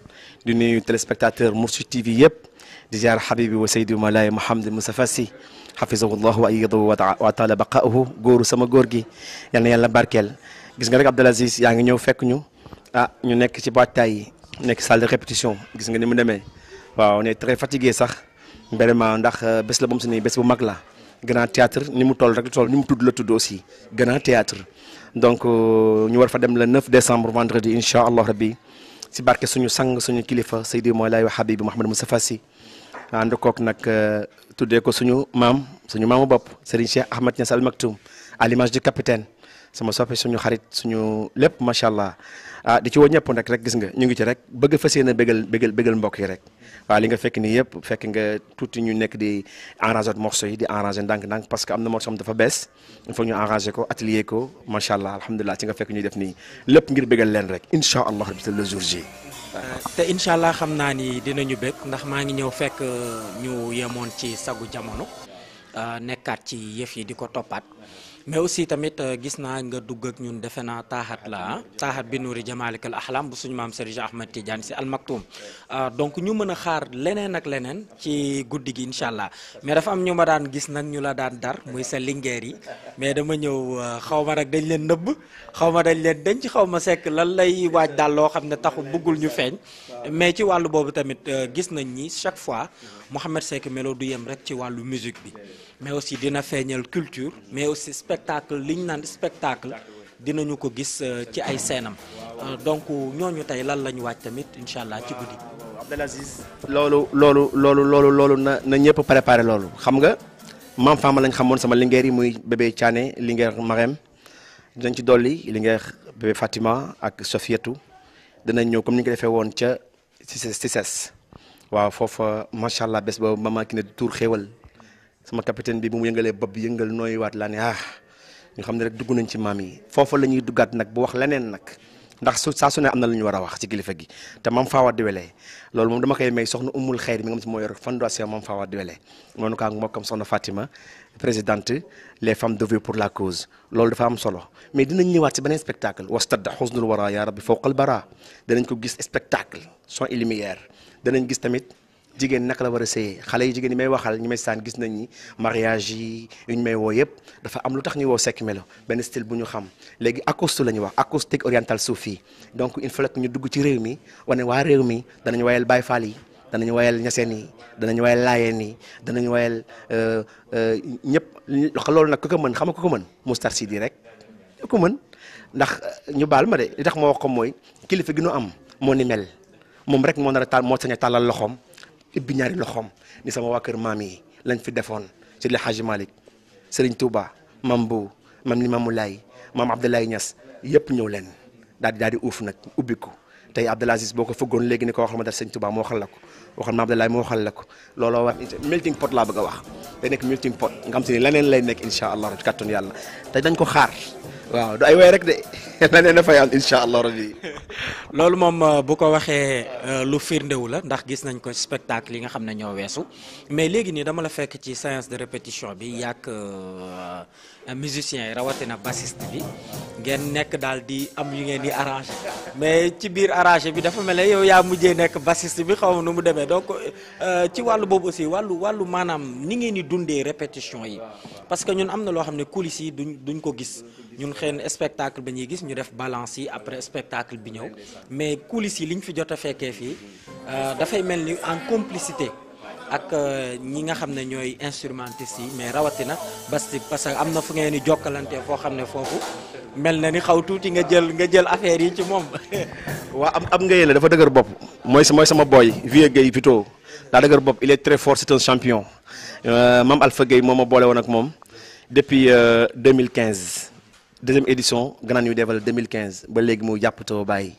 di nuyu téléspectateur Mourchid TV yëpp di jaar habibi wa saydi malaay Mouhamed Moustapha Sy hafizahullahu wa ayyadahu wa taala baqaahu góoru sama góor gi yal yàlla barkeel gis nga rek Abdou Aziz yaa ngi ñëw fekk ñu ah ñu nekk ci waajtaay yi nekk salle de répétition gis nga ni mu demee waaw on est très fatigué sax vraiment ndax euh, bés la moom si nii bés bu mag la grand théâtre ni mu toll rek la toll ni mu tudd la tudd aussi grand théâtre donc euh, ñu war fa dem le 9 décembre vendredi incha allah rabbi si barke suñu sang suñu kilifa sey Seydi Mawlaay wa Habibi Mouhamed Moustapha Sy ànd kook nag euh, tuddee ko suñu maam suñu maamu bopp Serigne Cheikh Ahmed Niass Al Maktoum à l'image du capitaine sama soppe suñu xarit suñu lépp macha allah ah di ci woo ñëpp nag rek gis nga ñu ngi ci rek bëgg fa yéene bégal bégal bégal mbokk yi rek. waaw li nga fekk nii yëpp fekk nga tuuti ñu nekk di arranger morceau yi di arranger ndànk-ndànk parce que am na morceau am dafa bees il ñu arranger ko atelier ko macha allah alhamdulilah ci nga fekk ñuy def nii lépp ngir bégal leen rek incha allah rabbi le jour J. Euh, te incha allah xam naa ni dinañu bég ndax maa ngi ñëw fekk ñu yemoon ci sagu jamono euh, nekkaat ci yëf yi di ko toppaat. mais aussi tamit euh, gis naa nga dugg ak ñun defe naa taaxat la ah taaxat bi nuuri jamaalikal ahlam bu suñu maam Serigne Ahmed Tidiane si almaktum euh, donc ñu mën a xaar leneen ak leneen ci guddi gi incha allah mais dafa am ñu ma daan gis nag ñu la daan dar muy sa lingeer yi mais dama ñëw euh, xaw ma nag dañ leen nëbb xaw ma dañ leen denc xaw ma sekk lan lay waaj daal loo xam ne taxu bëggul ñu feeñ mais ci wàllu boobu tamit euh, gis nañ ni chaque fois Mouhamed Seck Melo du yem rek ci wàllu musique bi mais aussi dina feeñal culture mais aussi spectacle liñ naan spectacle ñu ko gis euh, ci ay seenam euh, donc ñooñu tey lan la ñu waaj tamit incha allah ci guddi. loolu loolu loolu loolu loolu na na ñëpp préparé loolu xam nga maam Fama lañ xamoon sama lingeer yi muy bébé Thiané lingeer Marème dinañ ci dolli lingeer bébé Fatima ak Sofiatou danañ ñëw comme ni ñu defee woon ca. CICES waaw foofa macha allah bés ba maman ki ne tuur xéewal sama capitaine bi bu mu yëngalee bopp bi yëngal nooy waat laa ne ah ñu xam ne rek dugg nañ ci maam yi foofa la ñuy duggaat nag bu wax leneen nag ndax su saa su ne am na lu ñu war a wax ci kilifa gi te mam Fawa Diwele loolu moom dama koy may soxna umul xayri mi nga xam si moo yor fondation mam Fawa Diwele noonu kaa mbokkam soxna Fatima président les femmes devues pour la cause loolu dafa am solo mais dinañ ñëwaat si beneen spectacle wastadda xusnul wara yaa rabbi fawqal bara danañ ko gis spectacle son et danañ gis tamit jigéen naka la war a sëyee xale yi jigéen yi may waxal ñi may saan gis nañ ni mariage yi yu ñu may woo yëpp dafa am lu tax ñuy woo sekk melo benn style bu ñu xam léegi acoustique la ñuy wax acoustique oriental soufi donc il faut que ñu dugg ci réew mi wane waa réew mi danañ wayal ñaseen yi danañ wayal laayeen yi danañ wayal euh, euh, ñëpp loolu nag ku ko mën xam nga ko mën Moustarchidine rek ku ko mën ndax euh, ñu baal ma de li tax ma wax ko mooy kilifa gi nu am moo ni mel moom rek moo nar a taal moo sañ a tàllal loxoom ibbi ñaari loxoom ni sama waa kër maam yi lañ fi defoon ci li Hadji Malick Serigne Touba mam bu mam Limamou Laye maam Abdoulaye Niass yëpp ñëw leen daal di di uuf nag ubbiku tey Abdoul Aziz boo ko fëggoon léegi ni ko waxal ma def sëñ Touba moo waxal la ko la looloo war melting pot laa bëgg a wax day nekk melting pot nga xam te ni leneen lay nekk incha allah ci kàttanu yàlla te dañ ko xaar waaw du ay way rek de leneen dafay am incha allah rabbi loolu moom euh, bu ko waxee euh, lu firndewu la ndax gis nañ ko spectacle yi nga xam ne ñoo weesu mais léegi nii dama la fekk ci séance de répétition bi yàgg euh, musiciens yi rawatina bassiste bi ngeen nekk daal di am yu ngeen di arrangé mais ci biir arrangé bi dafa mel ne yow yaa mujjee nekk bassiste bi xaw ma nu mu demee donc euh, ci wàllu boobu aussi wàllu wàllu maanaam ni ngeen di dundee répétition yi parce que ñun am na loo xam ne coulisses yi duñ duñ ko gis ñun xëy na spectacle bi ñuy gis ñu def balance yi après spectacle bi ñëw mais coulisses yi liñ fi jot a fekkee fii euh, dafay mel ni en complicité. ak euh, ñi nga xam ne ñooy instrumentiste yi mais rawatina basti parce que am na fu ngeen di jokkalante foo xam ne foofu mel na ni xaw tuuti nga jël nga jël affaire yi ci moom. waa am am nga yéene dafa dëgër bopp mooy mooy sama boy Vieux Guèye Vito daa dëgër bopp il est très fort c'est un champion euh, Mame Alpha Guèye moo ma boole woon ak moom depuis 2015 euh, deuxième édition Grand Nuit des Valeurs 2015 ba léegi mu jàppatoo bàyyi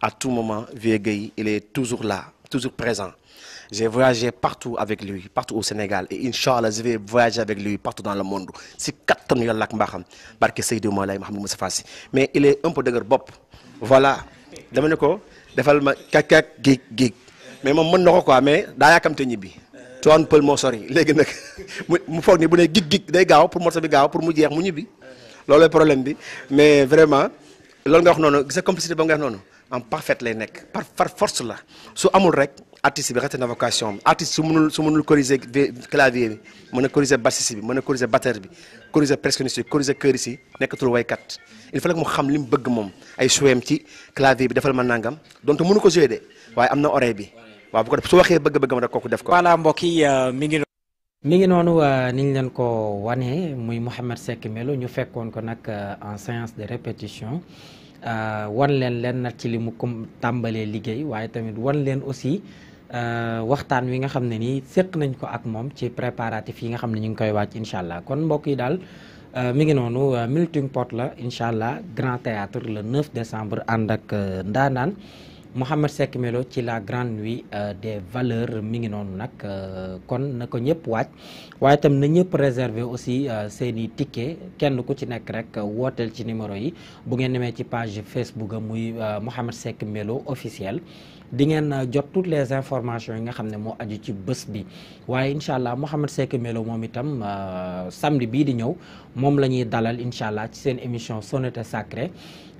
a tout moment vie Guèye il est toujours la toujours présent. J'ai voyagé partout avec lui, partout au Sénégal. Et Inch'Allah, je vais voyager avec lui partout dans le monde. C'est 4 tonnes de lac Mbaham. Barke Seydou Moulay Mohamed Mais il est un peu de bop. Voilà. Dama ne ko defal ma kakak geek geek. Mais moom mën na ko quoi mais daa yàkkamte ñibbi. Tuwaan pël moo sori léegi nag mu foog ni bu ne geek geek day gaaw pour morceau bi gaaw pour mu jeex mu ñibbi. loolooy problème bi mais vraiment loolu nga wax noonu gis nga complicité ba nga wax noonu en lay nekk par par la su amul rek. artiste bi raté na vocation am artiste su mënul su mënul corriger clavier bi mën a corriger bassiste bi mën a corriger batteur bi corriger percussionniste bi corriger chœuriste mu xam li mu bëgg moom ay suweem bi defal ma nangam donte mënu ko jouer de waaye am na oreille bi waaw bu ko def su waxee bëgg-bëggam rek kooku def ko. voilà mbokk yi euh, mi ngi. noonu euh, niñ leen ko wane muy Mouhamed Seck Melo ñu fekkoon ko nag euh, en séance de répétition. wan leen leen nag ci li mu comme tàmbalee liggéey waaye tamit wan Euh, waxtaan wi nga xam ne nii séq nañ ko ak moom ci préparatif yi nga xam ne ñu ngi koy wàcc incha allah kon mbokk yi daal euh, mi ngi noonu euh, melting port la incha allah grand théâtre le 9 décembre ànd ak ndaanaan Mouhamed Seck Melo ci la grande nuit des valeurs mi ngi noonu nag kon na ko ñëpp waaj waaye tam na ñëpp réserver aussi seen i ticket kenn ku ci nekk rek wooteel ci numéro yi bu ngeen demee ci page Facebook muy Mouhamed Seck Melo officiel. di ngeen euh, jot toutes les informations yi nga xam ne moo aju ci bés bi waaye incha allah Mouhamed Seck Melo moom itam euh, samdi bii di ñëw moom la ñuy dalal incha allah ci seen émission Sonate Sacré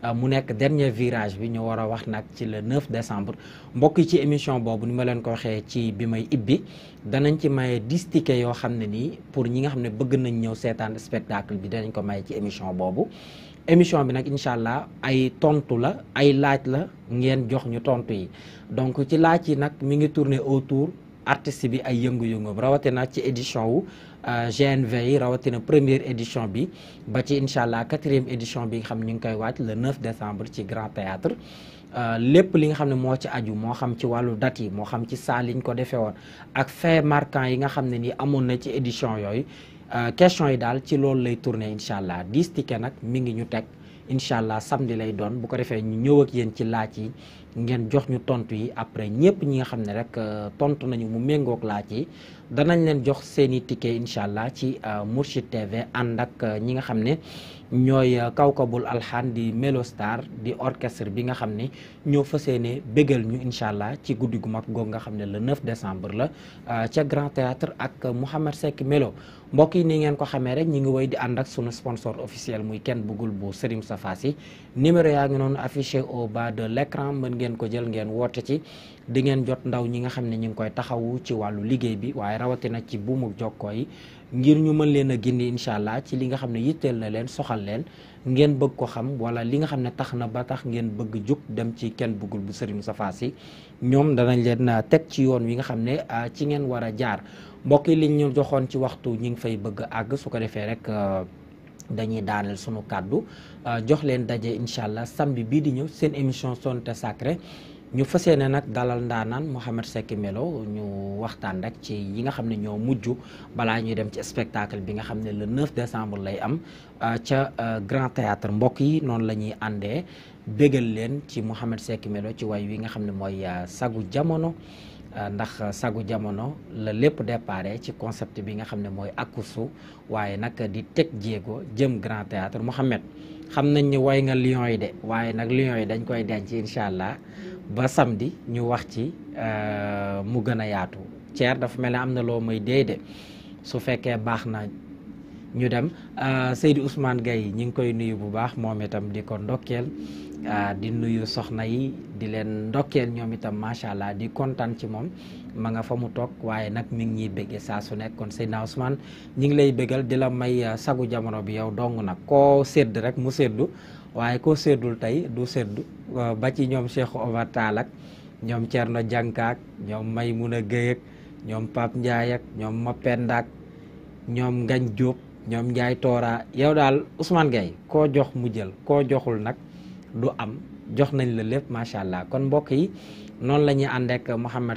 euh, mu nekk dernier virage bi ñu war a wax nag ci le 9 decembre mbokk yi ci émission boobu ni ma leen ko waxee ci bi may ibbi danañ ci maye 10 yoo xam ne nii pour ñi nga xam ne bëgg nañ ñëw seetaan spectacle bi danañ ko maye ci émission boobu. émission bi nag incha allah ay tontu la ay laaj la ngeen jox ñu tontu yi donc ci laaj yi nag mi ngi tourner autour artiste bi ay yëngu-yëngoom rawatina ci édition wu euh, GNV yi rawatina première édition bi ba ci incha allah quatrième édition bi nga xam ñu ngi koy wàcc le 9 décembre ci Grand Théâtre euh, lépp li nga xam ne moo ci aju moo xam ci wàllu date yi moo xam ci salle yi ko defee woon ak fait marquant yi nga xam ne ni amoon na ci édition yooyu. Euh, question yi daal ci loolu lay tourner incha allah dix ticket nag mi ngi ñu teg incha allah samdi lay doon bu ko defee ñu ñëw yéen ci laaj yi ngeen jox ñu tontu yi après ñëpp ñi nga xam ne rek euh, tontu nañu mu méngoog laaj yi danañ leen jox seen i ticket incha allah ci euh, Mourchid TV ànd ak ñi nga xam ne. ñooy euh, kawkabul alxaan di star di orchestre bi nga xam ne ñoo fas yéene bégal ñu incha allah ci guddi gu mag googu nga xam ne le 9 décembre la euh, ca Grand Théâtre ak Mouhamed Seck Melo mbokk yi ni ngeen ko xamee rek ñi ngi woy di ànd ak sunu sponsor officiel muy kenn bëggul bu sa Moustapha si numéro yaa ngi noonu affiché au bas de l'écran mën ngeen ko jël ngeen woote ci dingeen jot ndaw ñi nga xam ne ñu ngi koy taxawu ci wàllu liggéey bi waaye rawatina ci buumu jokkoo yi ngir ñu mën leen a gindi incha allah ci li nga xam ne yitteel na leen soxal leen ngeen bëgg ko xam wala li nga xam ne tax na ba tax ngeen bëgg jug dem ci kenn bëggul bu sëriñ Moustapha si ñoom danañ leen ah, teg ci yoon wi nga xam ne ah, ci ngeen war a jaar mbokk yi liñ ñu joxoon ci waxtu ñi ngi fay bëgg àgg su ko defee rek. Ah, dañuy daaneel sunu kàddu jox leen daje incha allah samedi bii di ñëw seen émission Sonorités Sacrées ñu fas ne nag dalal ndaa ndaanaan Mouhamed Seck Melo ñu waxtaan rek ci yi nga xam ne ñoo mujj balaa ñuy dem ci spectacle bi nga xam ne le 9 décembre lay am euh, ca euh, Grand Théâtre mbokk yi noonu la ñuy àndee bégal leen ci Mouhamed Seck Melo ci way wi nga xam ne mooy euh, sagu jamono ndax sagu jamono la lépp déparé ci concept bi nga xam ne mooy akusu waaye nag di teg jéego jëm Grand Théâtre Mouhamed xam nañ ni way nga Lions yi de waaye nag Lions yi dañ koy denc incha allah ba samedi ñu wax ci euh, mu gën a yaatu Thierre dafa mel ne am na loo muy déedéet su fekkee baax na ñu dem euh, Seydou Ousmane Gaye ñi ngi koy nuyu bu baax moom itam di ko ndokkeel euh, di nuyu soxna yi di leen ndokkeel ñoom itam macha allah di kontaan ci moom ma nga fa mu toog waaye nag mi ñuy béggee saa su nekk kon Seydina Ousmane ñi ngi lay bégal di la may sagu jamono bi yow dong nag koo sédd rek mu séddu waaye ko seddul tey du sedd ba ci ñoom Cheikh Omar Tall ñoom Thierno Dianka ak ñoom may Gueye ak ñoom Pape Ndiaye ñoom Mapenda ndaak ñoom Ngañ Diop ñoom Ndiaye Toora yow daal Ousmane Gueye koo jox mu jël koo joxul nag du am jox nañ la lépp macha allah kon mbokk yi noonu la ñuy ànd ak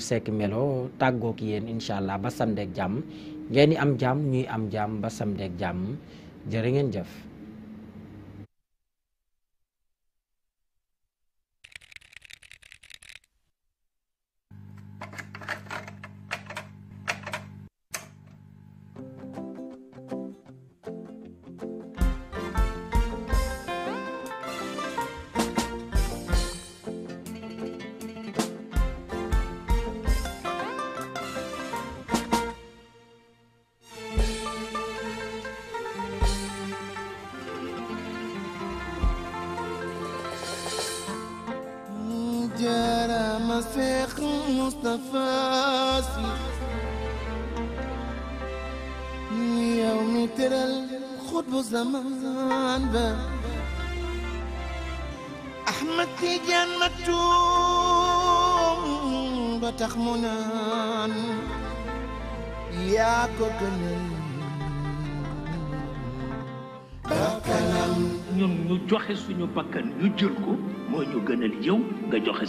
Seck Melo tàggoo ak yéen incha allah ba samedi jàmm ngeen di am jàmm ñuy am jàmm ba samedi ak jër jërë ngeen jëf.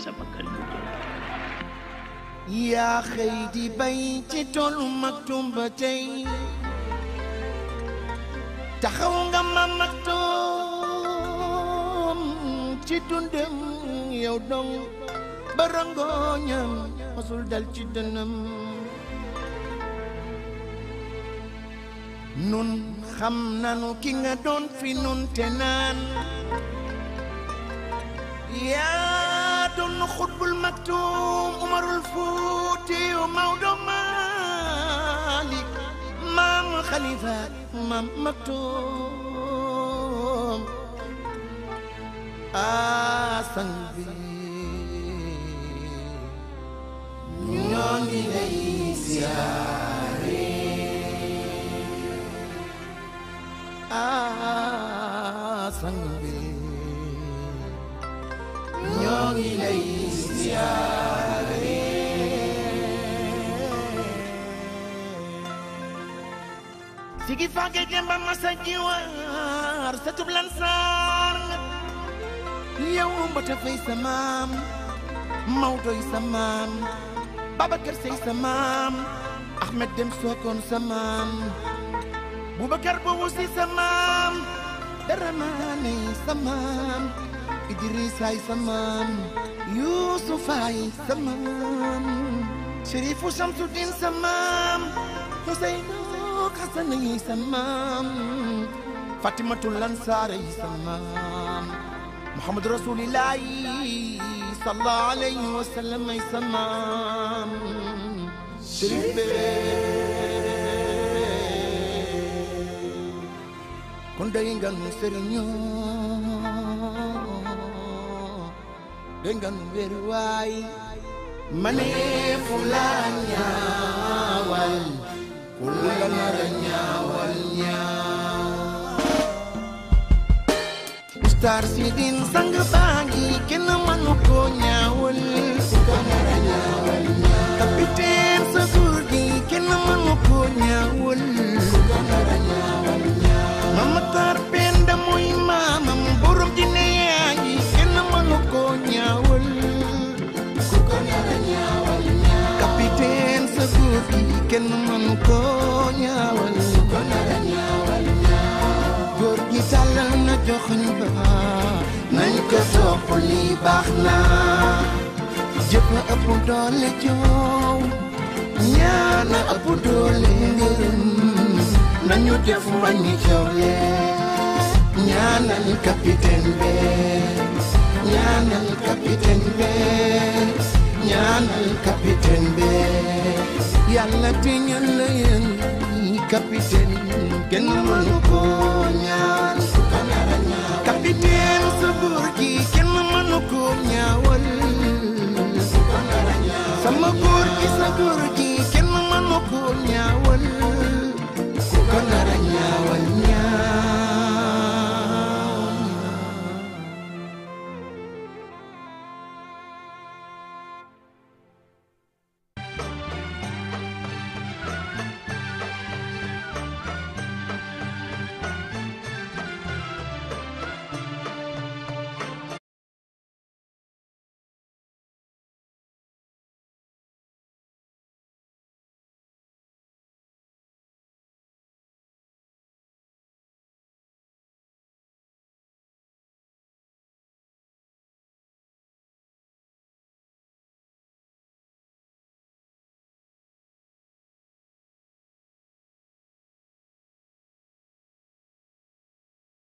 sama kër gu yaa xëy di bay ci toolu Maktoum ba tey taxaw nga ma Maktoum ci dundam yow dong ba rangooñam masul dal ci dënam nun xam nanu ki nga doon fi nun te naan doon xutbul maktum umarul fuuti Maodo Malick maam xalifa maam maktum asan ah, bi ñoo ngi lay siyaare asan ah, ñoo ngi siyaare sigi faage jamba masa jiwaar sa tub lansaar yow mbata fay sa maam mawdoy sa maam Babacar Sey sa maam Ahmed Dem Sokone sa maam Boubacar Bouboussi sa maam Daramane sa maam Idrissa ay samaam Yuusuf ay samaam Sherifu Shamsuddin samaam Huseynu Hasan ay samaam Fatimatul Ansaar ay samaam Muhammad Rasulillahi sallallahu alayhi ay samaam Sherif Beye kon day nga nu sëriñu dengan wéruwaay maneefu laa ñaawal ku la nar a ñaawal ñaaw star si din kenn mënu ko ñaawal ku ko nar a ñaawal sa góor kenn mënu ko ñaawal baax na jëf na ëpp doole joow ñaana ëpp doole ngërëm nañu def wàññi coole ñaanal capitaine be ñaanal capitaine be ñaanal capitaine be yàlla teñal la yéen capitaine kenn mënu ko ñaan capitaine sa buur gi kenn ku ñaawal sama góor gi sa góor gi kenn mënu ko ñaawal